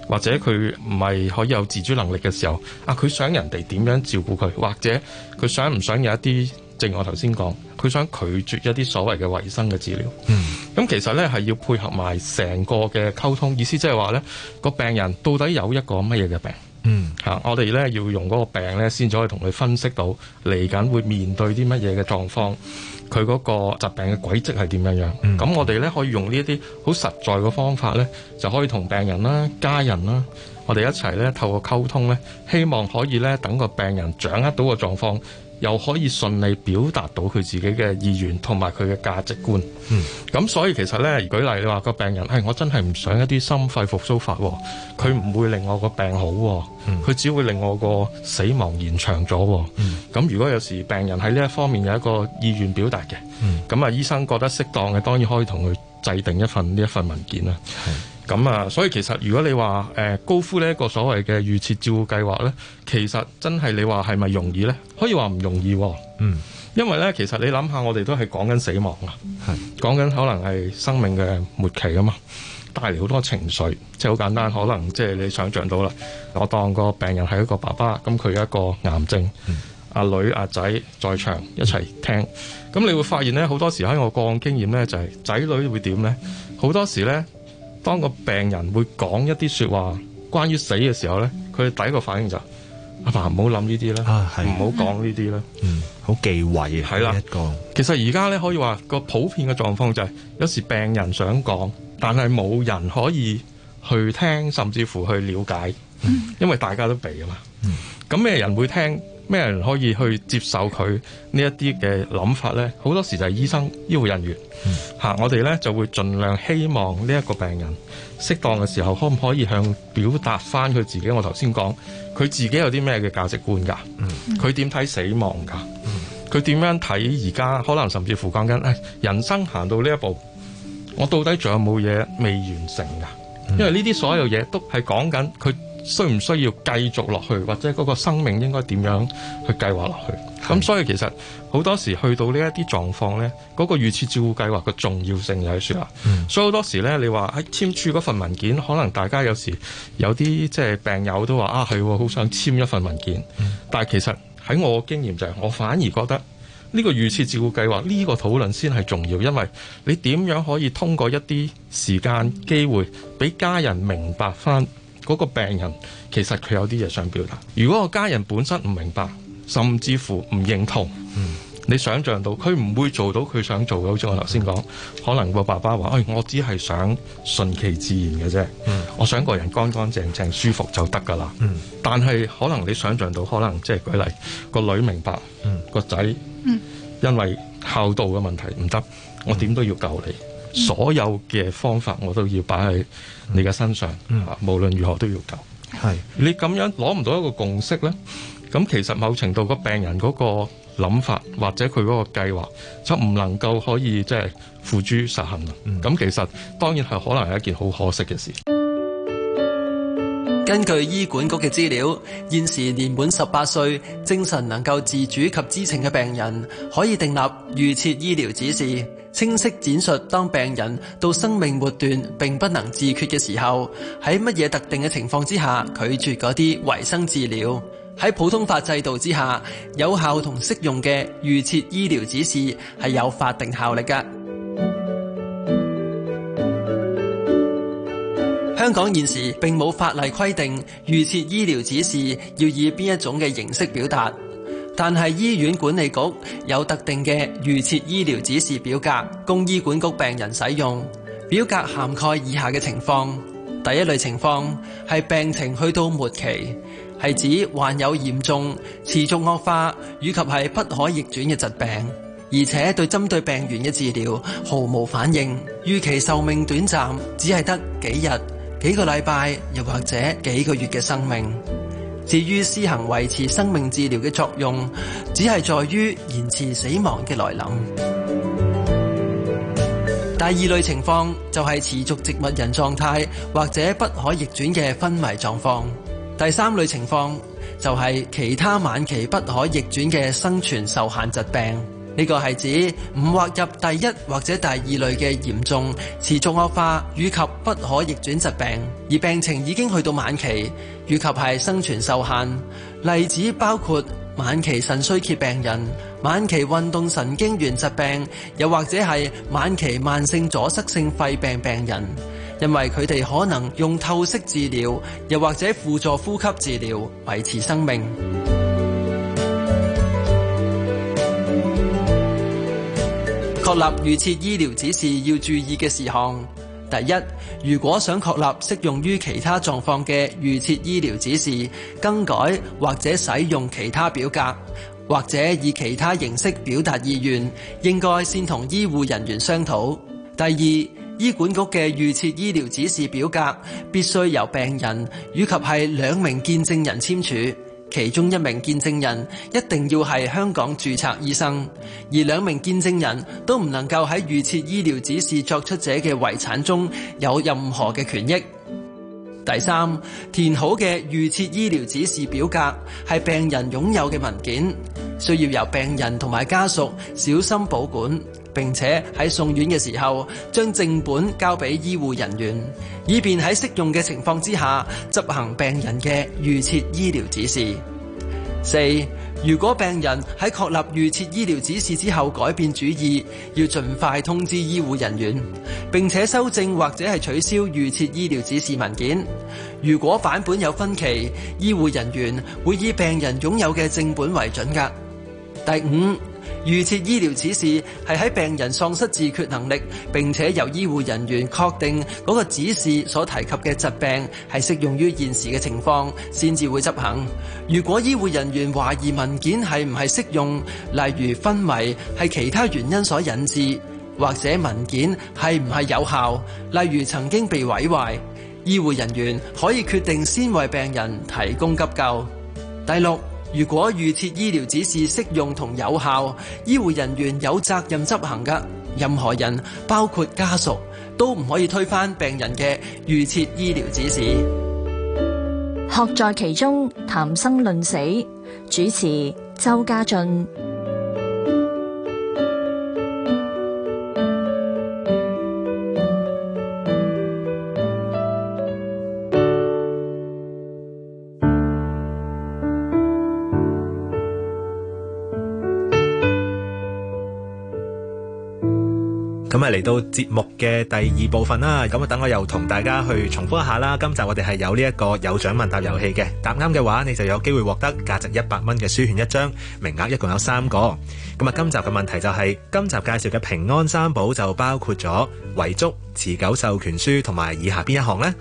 或者佢唔係可以有自主能力嘅時候，啊佢想人哋點樣照顧佢，或者佢想唔想有一啲，正如我頭先講，佢想拒絕一啲所謂嘅維生嘅治療。嗯，咁其實呢係要配合埋成個嘅溝通，意思即係話呢個病人到底有一個乜嘢嘅病？嗯，吓我哋咧要用嗰個病咧，先至可以同佢分析到嚟緊會面對啲乜嘢嘅狀況，佢嗰個疾病嘅軌跡係點樣樣。咁、嗯、我哋咧可以用呢一啲好實在嘅方法咧，就可以同病人啦、家人啦，我哋一齊咧透過溝通咧，希望可以咧等個病人掌握到個狀況。又可以順利表達到佢自己嘅意願同埋佢嘅價值觀。咁、嗯、所以其實呢，舉例你話個病人，係我真係唔想一啲心肺復甦法，佢唔會令我個病好，佢、嗯、只會令我個死亡延長咗。咁、嗯、如果有時病人喺呢一方面有一個意願表達嘅，咁、嗯、啊醫生覺得適當嘅，當然可以同佢制定一份呢一份文件啦。嗯。咁啊，所以其實如果你話誒、呃、高呼呢一個所謂嘅預設照顧計劃咧，其實真係你話係咪容易咧？可以話唔容易、哦，嗯，因為咧，其實你諗下，我哋都係講緊死亡啊，係講緊可能係生命嘅末期啊嘛，帶嚟好多情緒，即係好簡單，可能即係你想象到啦。我當個病人係一個爸爸，咁佢有一個癌症，阿、嗯啊、女阿仔、啊、在場一齊聽，咁、嗯、你會發現咧，好多時喺我個案經驗咧，就係、是、仔女會點咧？好多時咧。當個病人會講一啲說話，關於死嘅時候呢，佢第一個反應就是：阿爸唔好諗呢啲啦，唔好講呢啲啦，好忌諱啊！係啦，嗯啊、一個。其實而家呢，可以話個普遍嘅狀況就係、是，有時病人想講，但係冇人可以去聽，甚至乎去了解，嗯、因為大家都避啊嘛。咁、嗯、咩人會聽？咩人可以去接受佢呢一啲嘅諗法咧？好多時就係醫生、醫護人員吓、嗯，我哋咧就會盡量希望呢一個病人適當嘅時候，可唔可以向表達翻佢自己？我頭先講佢自己有啲咩嘅價值觀噶，佢點睇死亡噶？佢、嗯、點樣睇而家？可能甚至乎講緊誒，人生行到呢一步，我到底仲有冇嘢未完成噶、嗯？因為呢啲所有嘢都係講緊佢。需唔需要繼續落去，或者嗰個生命應該點樣去計劃落去？咁所以其實好多時去到呢一啲狀況呢，嗰個預設照顧計劃嘅重要性又係説啦。所以好多時呢，你話喺簽署嗰份文件，可能大家有時有啲即係病友都話啊係，好想簽一份文件。嗯、但係其實喺我經驗就係、是，我反而覺得呢個預設照顧計劃呢個討論先係重要，因為你點樣可以通過一啲時間機會，俾家人明白翻。嗰、那個病人其實佢有啲嘢想表達。如果個家人本身唔明白，甚至乎唔認同，嗯、你想象到佢唔會做到佢想做嘅。好似我頭先講，可能個爸爸話：哎，我只係想順其自然嘅啫、嗯。我想個人乾乾淨淨、舒服就得㗎啦。但係可能你想象到，可能即係舉例，個女明白，嗯、個仔因為孝道嘅問題唔得、嗯，我點都要救你。嗯、所有嘅方法我都要擺喺你嘅身上，啊、嗯，無論如何都要救。係你咁樣攞唔到一個共識咧，咁其實某程度個病人嗰個諗法或者佢嗰個計劃就唔能夠可以即係、就是、付諸實行啦。咁、嗯、其實當然係可能係一件好可惜嘅事。根據醫管局嘅資料，現時年滿十八歲、精神能夠自主及知情嘅病人，可以訂立預設醫療指示。清晰展述，當病人到生命末段，並不能自決嘅時候，喺乜嘢特定嘅情況之下拒絕嗰啲維生治療？喺普通法制度之下，有效同適用嘅預設醫療指示係有法定效力噶。香港現時並冇法例規定預設醫療指示要以邊一種嘅形式表達。但係醫院管理局有特定嘅預設醫療指示表格供醫管局病人使用，表格涵蓋以下嘅情況：第一類情況係病情去到末期，係指患有嚴重、持續惡化以及係不可逆轉嘅疾病，而且對針對病源嘅治療毫無反應，預期壽命短暫，只係得幾日、幾個禮拜又或者幾個月嘅生命。至於施行維持生命治療嘅作用，只係在於延遲死亡嘅來臨。第二類情況就係持續植物人狀態或者不可逆轉嘅昏迷狀況。第三類情況就係其他晚期不可逆轉嘅生存受限疾病。呢個係指唔劃入第一或者第二類嘅嚴重持續惡化以及不可逆轉疾病，而病情已經去到晚期，以及係生存受限。例子包括晚期腎衰竭病人、晚期運動神經元疾病，又或者係晚期慢性阻塞性肺病病人，因為佢哋可能用透析治療，又或者輔助呼吸治療維持生命。確立預設醫療指示要注意嘅事項：第一，如果想確立適用於其他狀況嘅預設醫療指示，更改或者使用其他表格，或者以其他形式表達意願，應該先同醫護人員商討。第二，醫管局嘅預設醫療指示表格必須由病人以及係兩名見證人簽署。其中一名見證人一定要係香港註冊醫生，而兩名見證人都唔能夠喺預設醫療指示作出者嘅遺產中有任何嘅權益。第三，填好嘅預設醫療指示表格係病人擁有嘅文件，需要由病人同埋家屬小心保管。並且喺送院嘅時候，將正本交俾醫護人員，以便喺適用嘅情況之下執行病人嘅預設醫療指示。四，如果病人喺確立預設醫療指示之後改變主意，要盡快通知醫護人員，並且修正或者係取消預設醫療指示文件。如果版本有分歧，醫護人員會以病人擁有嘅正本為準噶。第五。預設醫療指示係喺病人喪失自決能力，並且由醫護人員確定嗰個指示所提及嘅疾病係適用於現時嘅情況，先至會執行。如果醫護人員懷疑文件係唔係適用，例如昏迷係其他原因所引致，或者文件係唔係有效，例如曾經被毀壞，醫護人員可以決定先為病人提供急救。第六。如果預設醫療指示適用同有效，醫護人員有責任執行㗎，任何人，包括家屬，都唔可以推翻病人嘅預設醫療指示。學在其中，談生論死，主持周家俊。嚟到節目嘅第二部分啦，咁啊等我又同大家去重複一下啦。今集我哋係有呢一個有獎問答遊戲嘅，答啱嘅話，你就有機會獲得價值一百蚊嘅書券一張，名額一共有三個。咁啊，今集嘅問題就係、是，今集介紹嘅平安三寶就包括咗遺囑、持久授權書同埋以，以下邊一項呢？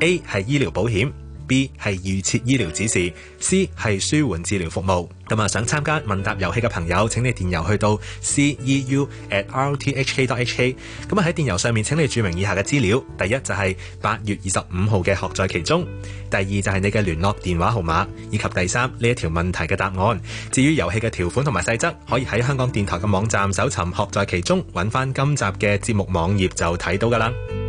A 係醫療保險。B 係預設醫療指示，C 係舒緩治療服務。咁啊，想參加問答遊戲嘅朋友，請你電郵去到 c e u at r t h k dot h k。咁啊，喺電郵上面請你註明以下嘅資料：第一就係八月二十五號嘅《學在其中》，第二就係你嘅聯絡電話號碼，以及第三呢一條問題嘅答案。至於遊戲嘅條款同埋細則，可以喺香港電台嘅網站搜尋《學在其中》，揾翻今集嘅節目網頁就睇到㗎喇。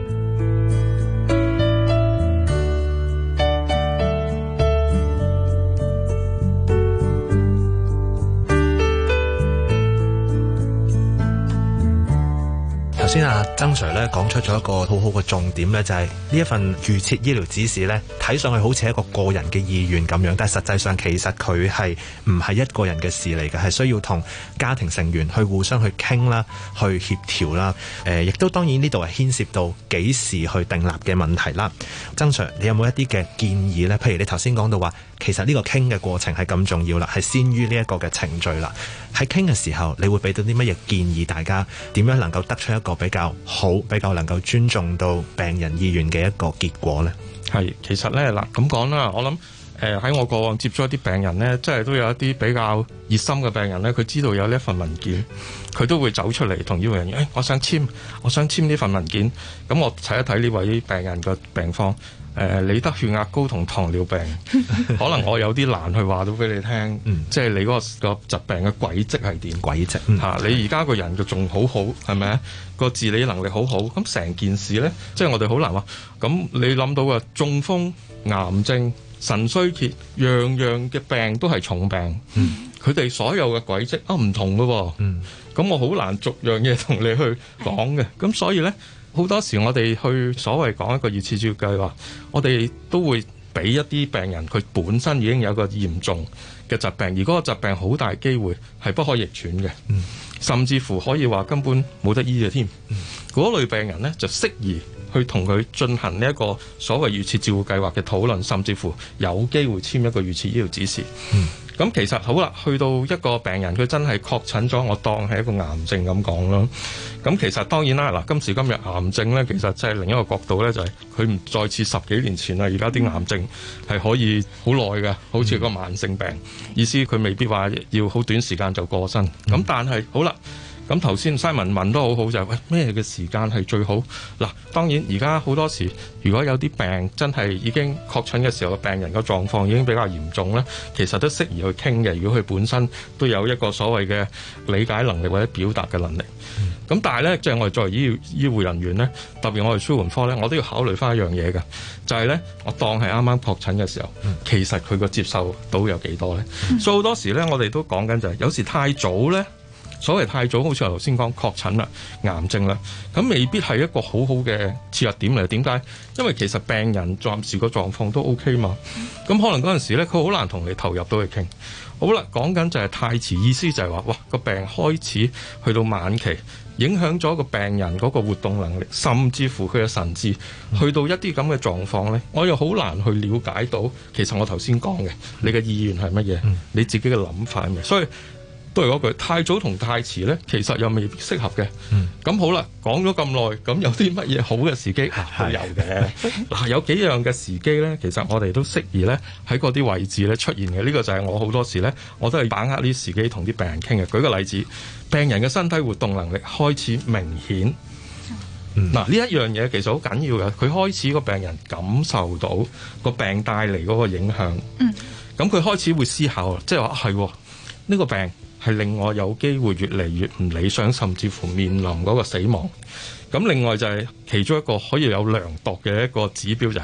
先啊，曾 Sir 咧講出咗一個好好嘅重點咧，就係、是、呢一份預設醫療指示咧，睇上去好似一個個人嘅意願咁樣，但係實際上其實佢係唔係一個人嘅事嚟嘅，係需要同家庭成員去互相去傾啦，去協調啦。亦、呃、都當然呢度係牽涉到幾時去訂立嘅問題啦。曾 Sir，你有冇一啲嘅建議呢？譬如你頭先講到話，其實呢個傾嘅過程係咁重要啦，係先於呢一個嘅程序啦。喺傾嘅時候，你會俾到啲乜嘢建議？大家點樣能夠得出一個比較好、比較能夠尊重到病人意願嘅一個結果呢？係其實呢，嗱咁講啦，我諗喺、呃、我過往接觸一啲病人呢，即係都有一啲比較熱心嘅病人呢，佢知道有呢份文件，佢都會走出嚟同醫護人員誒、哎，我想簽，我想簽呢份文件。咁我睇一睇呢位病人嘅病方。誒、呃，你得血壓高同糖尿病， (laughs) 可能我有啲難去話到俾你聽，即 (laughs) 係你嗰個疾病嘅軌跡係點軌跡、嗯嗯、你而家個人就仲好好，係咪？嗯個自理能力好好，咁成件事咧、嗯，即係我哋好難話。咁你諗到嘅中風、癌症、腎衰竭，樣樣嘅病都係重病，佢、嗯、哋所有嘅軌跡啊唔同噶喎、啊。咁、嗯、我好難逐樣嘢同你去講嘅，咁所以咧。好多時我哋去所謂講一個預設治療計劃，我哋都會俾一啲病人佢本身已經有一個嚴重嘅疾病，而嗰個疾病好大機會係不可逆轉嘅，甚至乎可以話根本冇得醫嘅添。嗰類病人咧就適宜。去同佢進行呢一個所謂預設照顧計劃嘅討論，甚至乎有機會簽一個預設醫療指示。咁、嗯、其實好啦，去到一個病人，佢真係確診咗，我當係一個癌症咁講咯。咁其實當然啦，嗱今時今日癌症呢，其實就係另一個角度呢，就係佢唔再似十幾年前啦。而家啲癌症係可以好耐嘅，好似個慢性病。嗯、意思佢未必話要好短時間就過身。咁但係好啦。咁頭先西文問都好好就係、是、喂咩嘅時間係最好嗱？當然而家好多時，如果有啲病真係已經確診嘅時候，病人個狀況已經比較嚴重咧，其實都適宜去傾嘅。如果佢本身都有一個所謂嘅理解能力或者表達嘅能力，咁、嗯、但係咧，即係我哋作為醫醫護人員咧，特別我哋紓緩科咧，我都要考慮翻一樣嘢嘅，就係、是、咧，我當係啱啱確診嘅時候，嗯、其實佢個接受到有幾多咧、嗯？所以好多時咧，我哋都講緊就係、是，有時太早咧。所謂太早，好似我頭先講確診啦、癌症啦，咁未必係一個好好嘅切入點嚟。點解？因為其實病人暫時個狀況都 OK 嘛，咁可能嗰陣時呢，佢好難同你投入到去傾。好啦，講緊就係太遲，意思就係話，哇，個病開始去到晚期，影響咗個病人嗰個活動能力，甚至乎佢嘅神智，去到一啲咁嘅狀況呢，我又好難去了解到，其實我頭先講嘅你嘅意願係乜嘢，你自己嘅諗法嘅，所以。都係嗰句，太早同太遲呢，其實又未必適合嘅。咁、嗯、好啦，講咗咁耐，咁有啲乜嘢好嘅時機都有嘅。嗱，的 (laughs) 有幾樣嘅時機呢？其實我哋都適宜呢，喺嗰啲位置呢，出現嘅。呢、呢個就係我好多時呢，我都係把握呢時機同啲病人傾嘅。舉個例子，病人嘅身體活動能力開始明顯，嗱、嗯、呢、啊、一樣嘢其實好緊要嘅。佢開始個病人感受到個病帶嚟嗰個影響，嗯，咁佢開始會思考，即係話係呢個病，係令我有機會越嚟越唔理想，甚至乎面臨嗰個死亡。咁另外就係其中一個可以有量度嘅一個指標就係、是、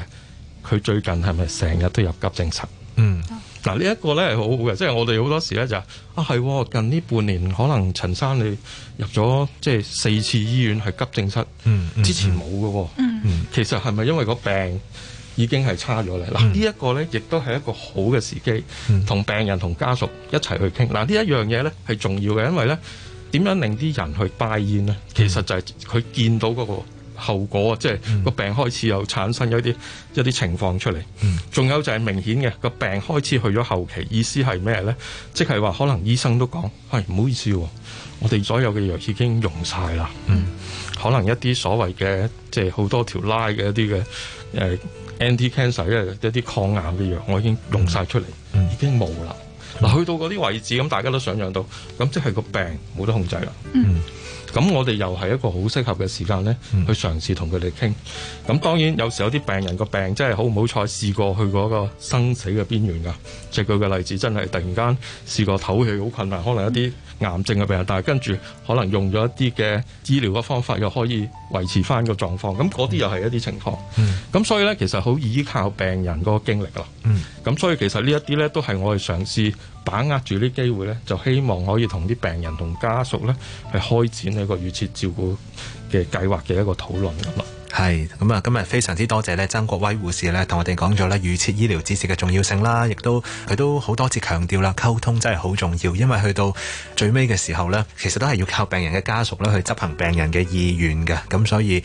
佢最近係咪成日都入急症室？嗯，嗱呢一個呢係好好嘅，即、就、係、是、我哋好多時呢，就啊係近呢半年可能陳生你入咗即係四次醫院係急症室，嗯嗯、之前冇嘅、嗯，嗯，其實係咪因為個病？已經係差咗嚟啦！呢、嗯、一、這個呢，亦都係一個好嘅時機，同、嗯、病人同家屬一齊去傾。嗱、啊，呢一樣嘢呢，係重要嘅，因為呢點樣令啲人去 buy in 呢、嗯？其實就係佢見到嗰個後果即係個病開始又產生咗啲一啲、嗯、情況出嚟。仲、嗯、有就係明顯嘅個病開始去咗後期。意思係咩呢？即係話可能醫生都講係唔好意思喎、啊，我哋所有嘅藥已經用晒啦。嗯，可能一啲所謂嘅即係好多條拉嘅一啲嘅誒。呃 Anti-cancer 咧一啲抗癌嘅藥，我已經用晒出嚟、嗯，已經冇啦。嗱，去到嗰啲位置，咁大家都想像到，咁即係個病冇得控制啦。咁、嗯、我哋又係一個好適合嘅時間咧，去嘗試同佢哋傾。咁當然有時候有啲病人個病真係好唔好彩，試過去嗰個生死嘅邊緣噶。舉個例子，真係突然間試過唞氣好困難，可能一啲。癌症嘅病人，但係跟住可能用咗一啲嘅治療嘅方法，又可以維持翻個狀況，咁嗰啲又係一啲情況。咁、嗯、所以呢，其實好依靠病人個經歷啦。咁、嗯、所以其實呢一啲呢，都係我哋嘗試把握住啲機會呢，就希望可以同啲病人同家屬呢，去開展呢個預設照顧嘅計劃嘅一個討論咁啦。係咁啊！今日非常之多謝咧，曾國威護士咧同我哋講咗咧，預設醫療知識嘅重要性啦，亦都佢都好多次強調啦，溝通真係好重要，因為去到最尾嘅時候咧，其實都係要靠病人嘅家屬咧去執行病人嘅意願嘅。咁所以誒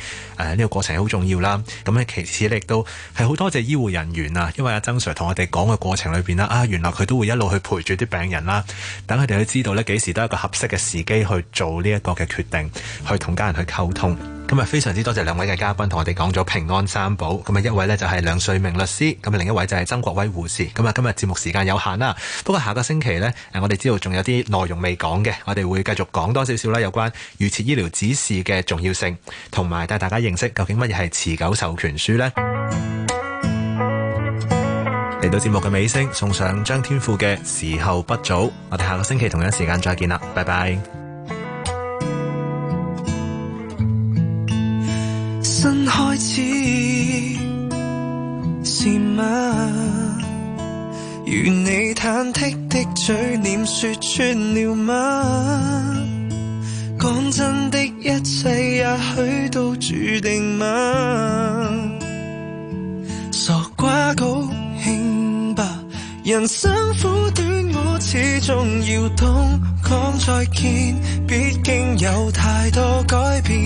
呢個過程好重要啦。咁其次咧亦都係好多謝醫護人員啊，因為阿曾 sir 同我哋講嘅過程裏邊啦，啊原來佢都會一路去陪住啲病人啦，等佢哋去知道咧幾時都係一個合適嘅時機去做呢一個嘅決定，去同家人去溝通。咁啊，非常之多謝兩位嘅嘉賓同我哋講咗平安三寶。咁啊，一位呢就係梁萃明律師，咁另一位就係曾國威護士。咁啊，今日節目時間有限啦，不過下個星期呢，誒，我哋知道仲有啲內容未講嘅，我哋會繼續講多少少啦，有關預設醫療指示嘅重要性，同埋帶大家認識究竟乜嘢係持久授權書呢。嚟到節目嘅尾聲，送上張天賦嘅時候不早。我哋下個星期同樣時間再見啦，拜拜。新開始是嗎？如你忐忑的，的嘴臉說穿了嗎？講真的一切也許都注定嗎？傻瓜高興。人生苦短，我始終要懂講再見。畢竟有太多改變，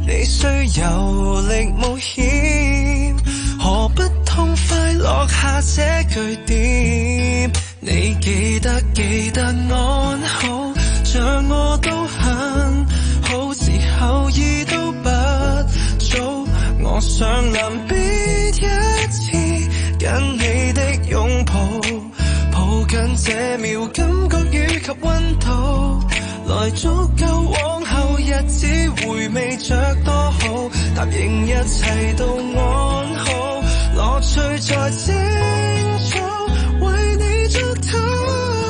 你需遊歷冒險，何不痛快落下這句點？你記得記得安好，像我都很好，時候已都不早。我想臨別一次。跟你的擁抱，抱緊這秒感覺與及溫度，來足夠往後日子回味着多好，答應一切都安好，樂趣在清楚，為你祝禱。